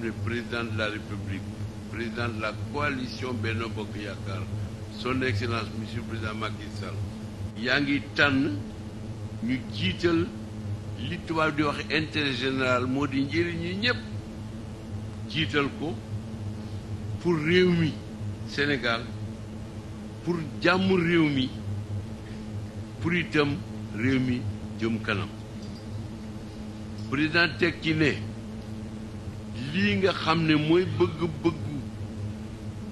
xam président de la république président de la coalition benn Bokk Yaakaar son excellence monsieur le président Macky Sall yaa ngi tànn ñu jiital li tubaab di wax intérêt général moo di njëriñ ñi ñëpp jiital ko pour réew mi Sénégal pour jàmm réew mi pour itam réew mi jëm kanam président teg ci ne lii nga xam ne mooy bëgg-bëggu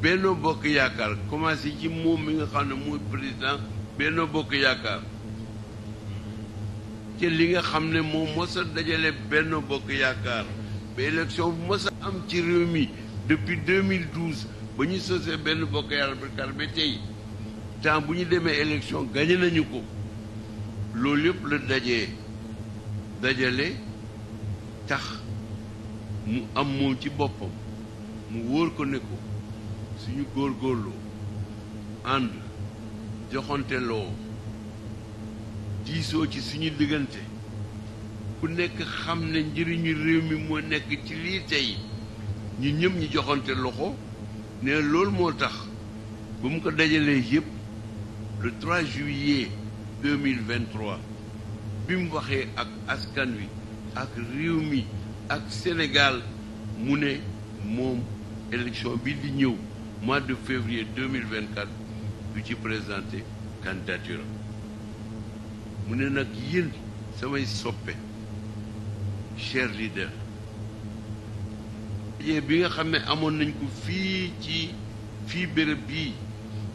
Benno Bokk Yaakaar commencé ji moom mi nga xam ne mooy président Benno Bokk Yaakaar te li nga xam ne moo mosa a dajale Benno Bokk Yaakaar ba élection bu mos am ci réew mi depuis 2012 ba ñu sosee benn Bokk Yaakaar ba tey temps bu ñu demee élection gagné nañu ko loolu yëpp la dajee dajale tax mu am moom ci boppam mu wóor ko ne ko suñu góorgóorloo ànd joxanteloo diisoo ci suñu diggante ku nekk xam ne njëriñu réew mi moo nekk ci lii tey ñu ñëm ñi joxante loxo ne loolu moo tax ba mu ko dajalee yëpp le 3 juillet 2023 bi mu waxee ak askan wi ak réew mi ak Sénégal mu ne moom élection bi di ñëw mois de février 2024 du ci présenté candidature mu ne nag yéen samay soppe cher leader bi nga xam ne amoon nañ ko fii ci fii béréb bii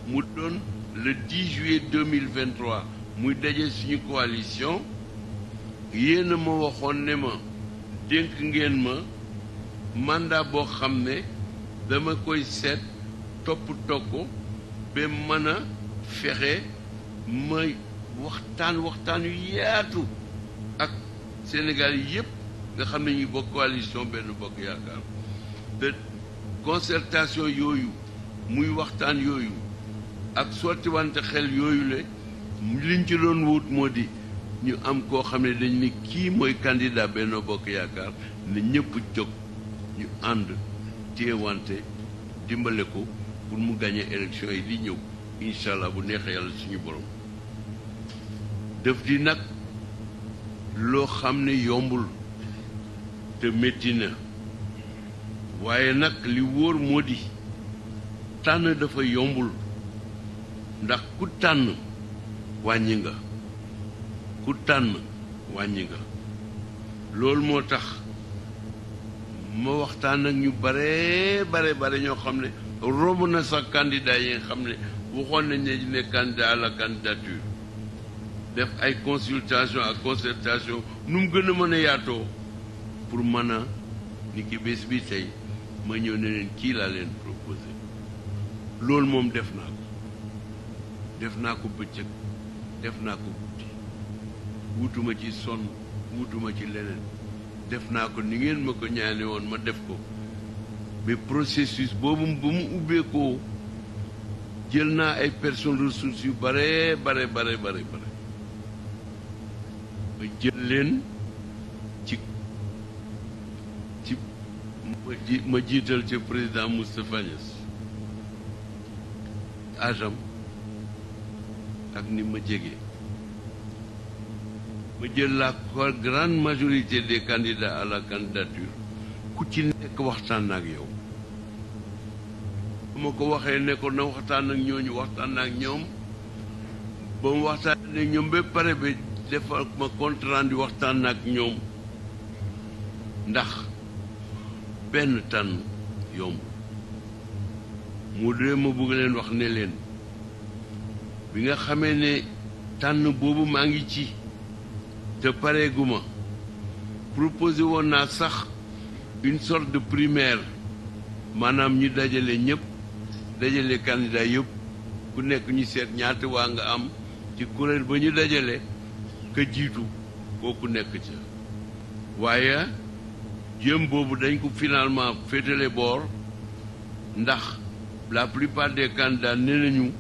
mu doon le 10 juillet 2023 muy daje suñu coalition yéen a ma waxoon ne ma dénk ngeen ma mandat boo xam ne dama koy seet topp ko ba mën a fexe ma waxtaan waxtaan yu yaatu ak Sénégal yépp nga xam ne ñu bokk coalition benn bokk yaakaar te concertation yooyu muy waxtaan yooyu ak sotti wante xel yooyu le liñ ci doon wut moo di ñu am koo xam ne dañ ne kii mooy candidat benn Bokk Yaakaar ne ñëpp jóg ñu ànd téewante dimbale ko pour mu gagné élection yi di ñëw incha bu neexee yàlla suñu borom def di nag loo xam ne yombul te métti na waaye nag li wóor moo di tànn dafa yombul ndax ku tànn wàññi nga ku tànn wàññi nga loolu moo tax ma waxtaan ak ñu bare bare bare ñoo xam ne romb na sax candidat yi xam ne waxoon nañ ne dina candidat la candidature def ay consultation ak concertation nu mu gën a mën a yaatoo pour mën a ni ki bés bi tey ma ñëw ne leen kii laa leen proposé loolu moom def naa ko def naa ko bëccëg def naa ko wutuma ci son wutuma ci leneen def naa ko ni ngeen ma ko ñaane woon ma def ko bi processus boobu ba mu ubbeekoo jël naa ay personnes ressources yu bare bare bare bare bare ma jël leen ci ma jiital ca président Moustapha Niass ak ni ma jege ma jël la grande majorité des candidats à la ku ci nekk waxtaan ak yow ma ko waxee ne ko na waxtaan ak ñooñu waxtaan ak ñoom ba mu waxtaan ne ñoom ba pare ba defal ma compte rendu waxtaan nag ñoom ndax benn tànn yomb mu dee ma bëgg wax ne leen bi nga xamee ne tànn boobu maa ngi ci te pareeguma proposé woon naa sax une sorte de primaire maanaam ñu dajale ñëpp dajale candidat yëpp ku nekk ñu seet ñaata waa nga am ci kuréel ba ñu dajale ka jiitu kooku nekk ca waaye jéem boobu dañ ko finalement féetale boor ndax la plupart des candidats nee nañu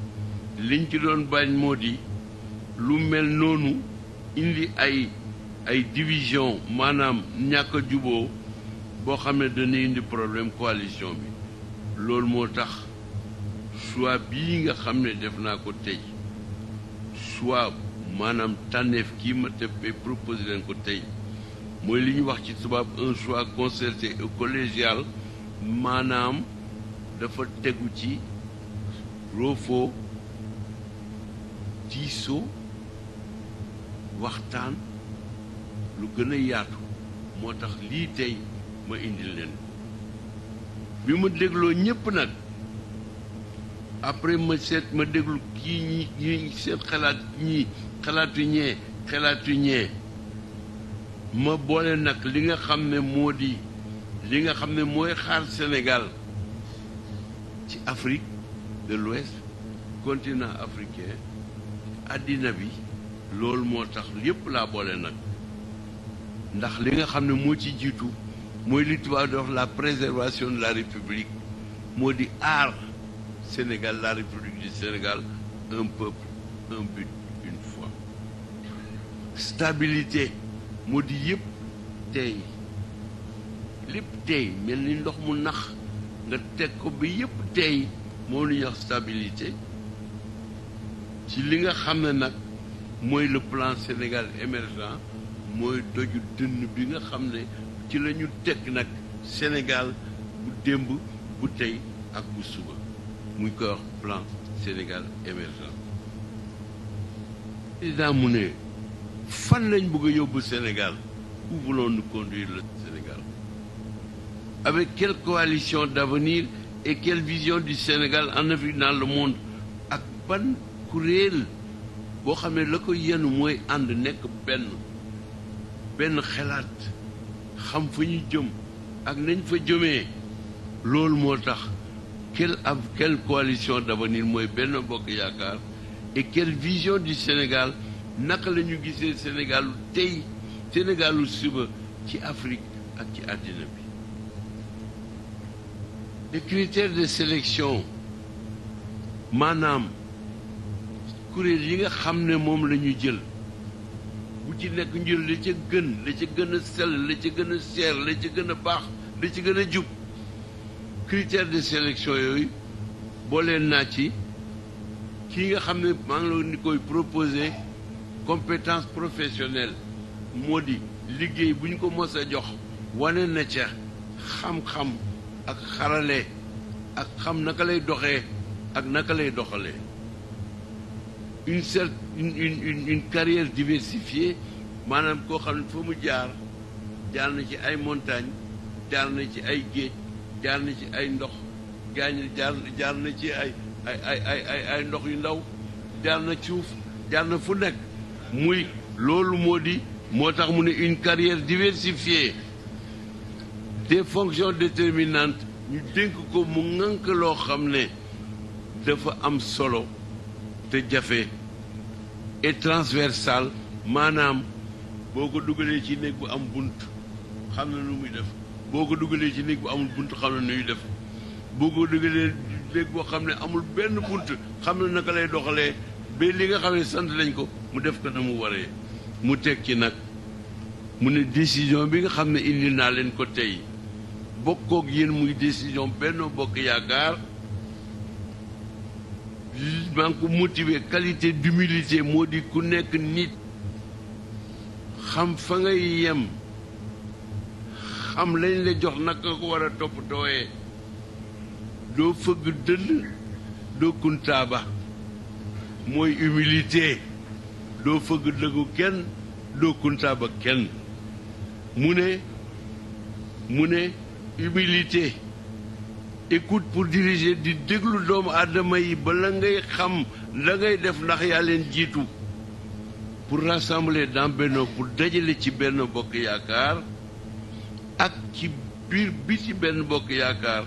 liñ ci doon bañ moo di lu mel noonu indi ay ay division maanaam ñàkk a juboo boo xam ne dana indi problème coalition bi loolu moo tax choix bii nga xam ne def naa ko tey choix maanaam tànneef kii ma teppee proposé leen ko tey mooy li ñu wax ci tubaab un choix concerté et collégial maanaam dafa tegu ci roofoo tiisoo waxtaan lu gën a yaatu moo tax lii tey ma indil leen bi ma dégloo ñépp nag après ma seet ma déglu kii ñi ñi seen xalaat ñii xalaatu ñee xalaatu ñee ma boole nag li nga xam ne moo di li nga xam ne mooy xaar senegal ci Afrique de l'Ouest continent africain àddina bi loolu moo tax yépp laa boole nag ndax li nga xam ne moo ci jiitu mooy li tubaab la préservation de la république moo di aar Sénégal la république du Sénégal un peuple un but une foi stabilité moo di yépp tey lépp tey mel ni ndox mu nax nga teg ko bi yépp tey moo lu ñuy stabilité ci li nga xam ne nag mooy le plan Sénégal émergent mooy doju dënn bi nga xam ne ci lañu ñu teg nag Sénégal bu démb bu tey ak bu suba muy koy wax plan Sénégal émergent président mu ne fan lañ bëgg a yóbbu Sénégal où voulons-nous conduire le Sénégal avec quelle coalition d'avenir et quelle vision du Sénégal en Afrique dans le monde ak ban kuréel boo xamee la ko yenu mooy ànd nekk benn benn xelaat xam fa ñu jëm ak nañ fa jëmee loolu moo tax quelle ab quelle coalition d'avenir mooy benn bokk yaakaar et quelle vision du Sénégal naka lañu ñu gisee Sénégalu tey Sénégalu suba ci Afrique ak ci àddina bi les critères de sélection maanaam kuréel yi nga xam ne moom la ñu jël bu ci nekk njël la ca gën la ca gën a sell la ca gën a seer la ca gën a baax la ca gën a jub critère de sélection yooyu booleen naa ci kii nga xam ne maa la ni koy proposé compétence professionnelle moo di liggéey bu ñu ko mos a jox wane na ca xam-xam ak xarale ak xam naka lay doxee ak naka lay doxalee une seule une une une, une carrière maanaam koo xam ne fa mu jaar jaar na ci ay montagnes jaar na ci ay géej jaar na ci ay ndox jaar jaar na ci ay ay ay ay ndox yu ndaw jaar na suuf jaar na fu nekk muy loolu moo di moo tax mu ne une carrière diversifiée de fonctions déterminantes ñu dénk ko mu ŋànk loo xam ne dafa am solo te jafe et transversal maanaam boo ko dugalee ci néeg bu am bunt xam na nu muy def boo ko dugalee ci néeg bu amul bunt xam na nuy def boo ko dugalee néeg boo xam ne amul benn bunt xam na naka lay doxalee ba li nga xam ne sant lañ ko mu def ko na mu waree mu teg ci nag mu ne décision bi nga xam ne indi naa leen ko tey bokkook yéen muy décision Benno Bokk Yaakaar maa ngi ko motiver qualité d'humilité moo di ku nekk nit xam fa ngay yem xam lañ la jox naka ko war a toppatooyee doo fëgg dënn doo kuntaaba mooy humilité doo fëgg dëggu kenn doo kuntaaba kenn mu ne mu ne humilité écoute pour diriger di déglu doomu aadama yi ba la ngay xam la ngay def ndax yaa leen jiitu pour rassembler dans pour dajale ci benn Bokk Yaakaar ak ci biir bi ci benn Bokk Yaakaar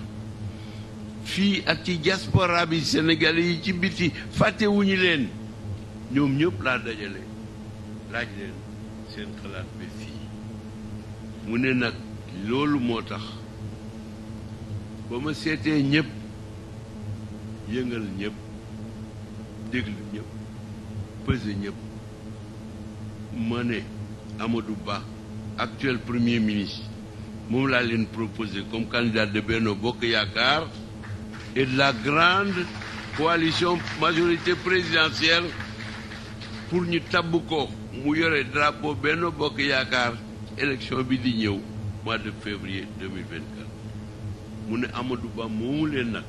fii ak ci diaspora bi Sénégalais yi ci biti fàttewuñu leen ñoom ñëpp laa dajale laaj leen seen xalaat bi fii mu ne nag loolu moo tax ba ma seetee ñëpp yëngal ñëpp déglu ñëpp pesé ñëpp ma ne Amadou Ba premier ministre moom laa leen proposé comme candidat de Benno Bokk Yaakaar et de la grande coalition majorité présidentielle pour ñu tabb mu yore drapo benn Bokk Yaakaar élection bi di ñëw mois de février 2024 mu ne Amadou Ba moomu leen nag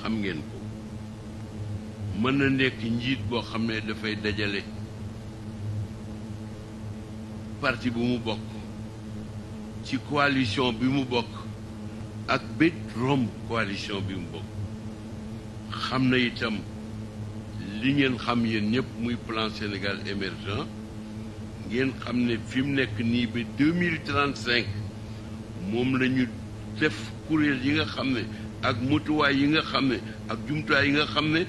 xam ngeen ko mën na nekk njiit boo xam ne dafay dajale parti bu mu bokk ci coalition bi mu bokk ak bét romb coalition bi mu bokk xam na itam li ngeen xam yéen ñëpp muy plan Sénégal émergent ngeen xam ne fi mu nekk nii ba deux mille trente moom la ñu def kuréel yi nga xam ne ak motuwaay yi nga xam ne ak jumtuwaay yi nga xam ne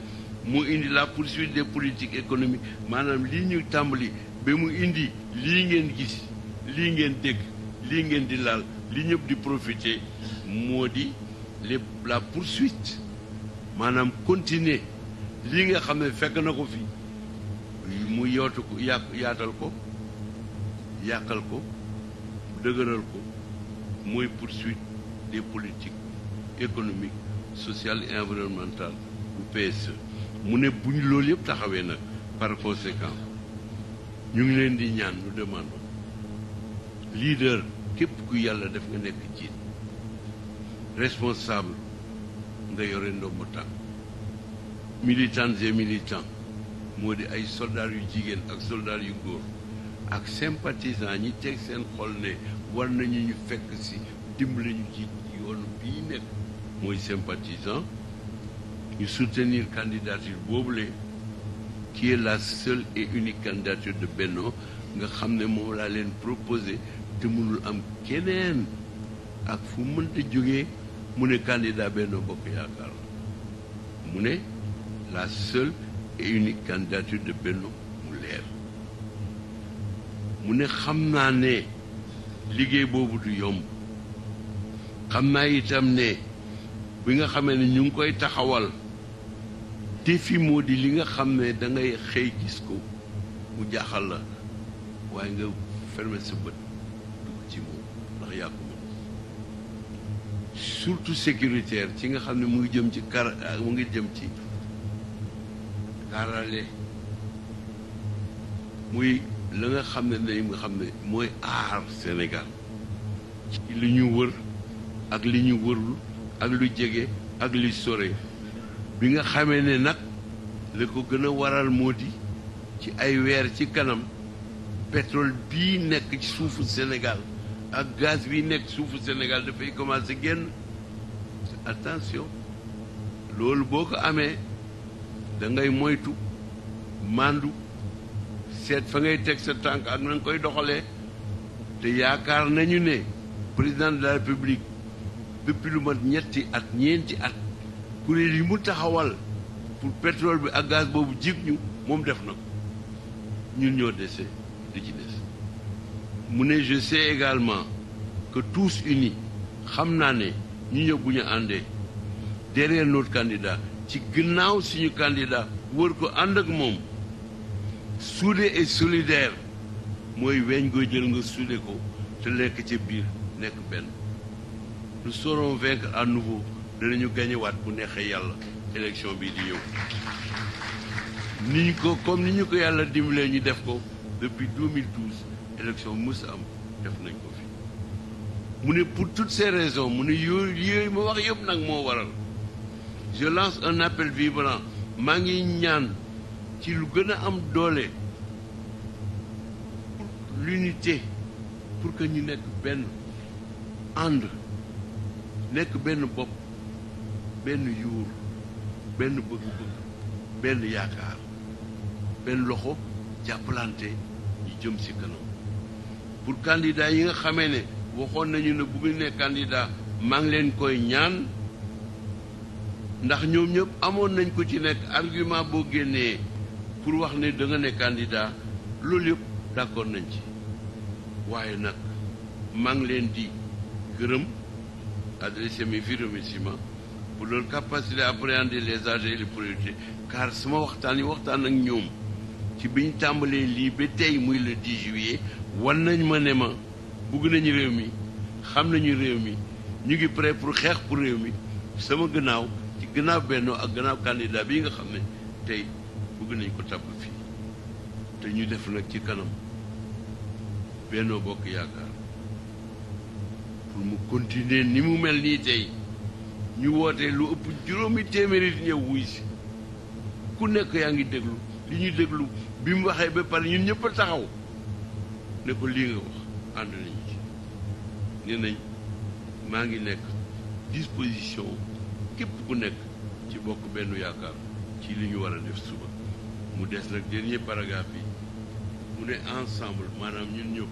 moo indi la poursuite des politiques économiques maanaam lii ñu tàmbali ba mu indi lii ngeen gis lii ngeen dégg lii ngeen di laal li ñëpp di profiter moo di les la poursuite maanaam continuer lii nga xam ne fekk na ko fii mu yootu ko yaatal ko yàqal ko dëgëral ko mooy poursuite des politiques économiques sociales et environnementales bu ps e. mu ne buñ ñu loolu yëpp taxawee nag par conséquent ñu ngi leen di ñaan ñu demande leader képp ku yàlla def nga nekk jiit responsable nga yore ndombo tànk militantes et militants moo di ay soldats yu jigéen ak soldats yu góor ak sympathisants ñi teg seen xol ne war nañu ñu fekk ci dimbali ñu jiit yoon bii nekk mooy sympathisant ñu soutenir candidature boobule qui est la seule et unique candidature de Benno nga xam ne moom laa leen proposé te mënul am keneen ak fu mënta jóge mu ne candidat Benno Bokk Yaakaar la mu ne la seule et unique candidature de Benno mu leer mu ne xam naa ne liggéey boobu du yomb xam naa itam ne bi nga xamee ne ñu ngi koy taxawal défi moo di li nga xam ne dangay xëy gis ko mu jaaxal la waaye nga fermer sa bët dugg ci moom ndax yaa nga xam ne mu ngi jëm ci kar mu ngi jëm ci kaarale muy la nga xam ne na nga xam ne mooy aar Sénégal ci li ñu wër ak li ñu wërul ak lu jege ak lu sore bi nga xamee ne nag la ko gën a waral moo di ci ay weer ci kanam pétrole bii nekk ci suufu Sénégal ak gaz bii nekk suufu Sénégal dafay commencé génn attention loolu boo ko amee da ngay moytu màndu seet fa ngay teg sa tànk ak na nga koy doxalee te yaakaar nañu ne président de la République depuis lu mat ñetti at ñeenti at kuréel yi mu taxawal pour pétrole bi ak gaz boobu jig ñu moom def na ko ñun ñoo dese di ci des mu ne je également que tous uni xam naa ne ñu ñëpp bu ñu àndee derrière notre candidat ci gannaaw suñu candidat wër ko ànd ak moom soudé et solidaire mooy weñ goy jël nga soudé ko te lekk ca biir nekk benn lu saurons vaincre à nouveau danañu gañewaat bu neexee yàlla élection bi di ñëw ni ko comme ni ñu ko yàlla dimbalee ñu def ko depuis 2012 élection mës am def nañ ko fi mu ne pour toutes ces raisons mu ne yooyu yooyu ma wax yëpp nag moo waral je lance un appel vibrant maa ngi ñaan ci lu gën a am doole l'unité pour que ñu nekk benn ànd nekk benn bopp benn yuur benn bëgg-bëgg benn yaakaar benn loxo jàppalante ñu jëm si kanam pour candidat yi nga xamee ne waxoon nañu ne bu ngeen ne candidat maa ngi leen koy ñaan ndax ñoom ñëpp amoon nañ ko ci nekk argument boo génnee pour wax ne da nga ne candidat loolu yëpp d'accord nañ ci waaye nag maa ngi leen di gërëm adressé mes remerciements pour leur capacité à appréhender les âges et les priorités car sama waxtaan yi waxtaan ak ñoom ci bi ñu tàmbalee lii ba tey muy le 10 juillet wan nañ ma ne ma bugg nañu réew mi xam nañu réew mi ñu ngi prêt pour xeex pour réew mi sama gannaaw ci gannaaw bennoo ak gannaaw candidat bii nga xam ne tey bugg nañ ko tàbb fii te ñu def nag ci kanam bennoo bokk yaakaar pour mu continuer ni mu mel nii tey ñu woote lu ëpp juróomi téeméeri ñëw wuy si ku nekk yaa ngi déglu li ñuy déglu bi mu waxee ba pare ñun ñëpp a taxaw ne ko lii nga wax ànd nañu ci nee nañ maa ngi nekk disposition képp ku nekk ci bokk benn yaakaar ci li ñu war a def suba mu des nag dernier paragraphe bi mu ne ensemble maanaam ñun ñëw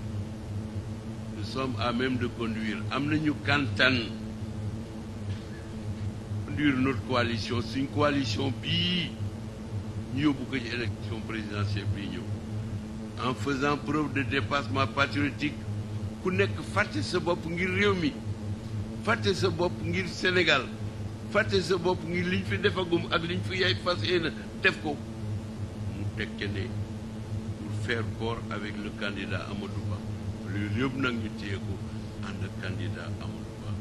nous sommes à même de conduire am nañu kàntan conduire notre coalition suñ coalition bii ñu yóbbu ko ci élection présidentielle bii ñëw en faisant preuve de dépassement patriotique ku nekk fàtte sa bopp ngir réew mi fàtte sa bopp ngir Sénégal fàtte sa bopp ngir liñ fi defagum ak liñ fi yaay fas yéene def ko mu tekke pour faire corps avec le candidat Amadou loolu yëpp nag ñu téye ànd ak candidat Amadou Ba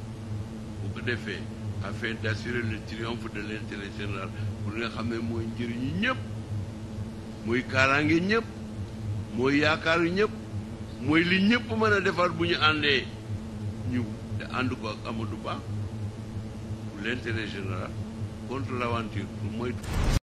bu ko defee afin d' assurer le triomphe de l' général pour nga xam ne mooy njëriñu ñëpp mooy kaaraange ñëpp mooy yaakaaru ñëpp mooy li ñëpp mën a defar bu ñu àndee ñu ànd ko ak Amadou Ba pour l' intérêt général contre l' aventure pour moytu.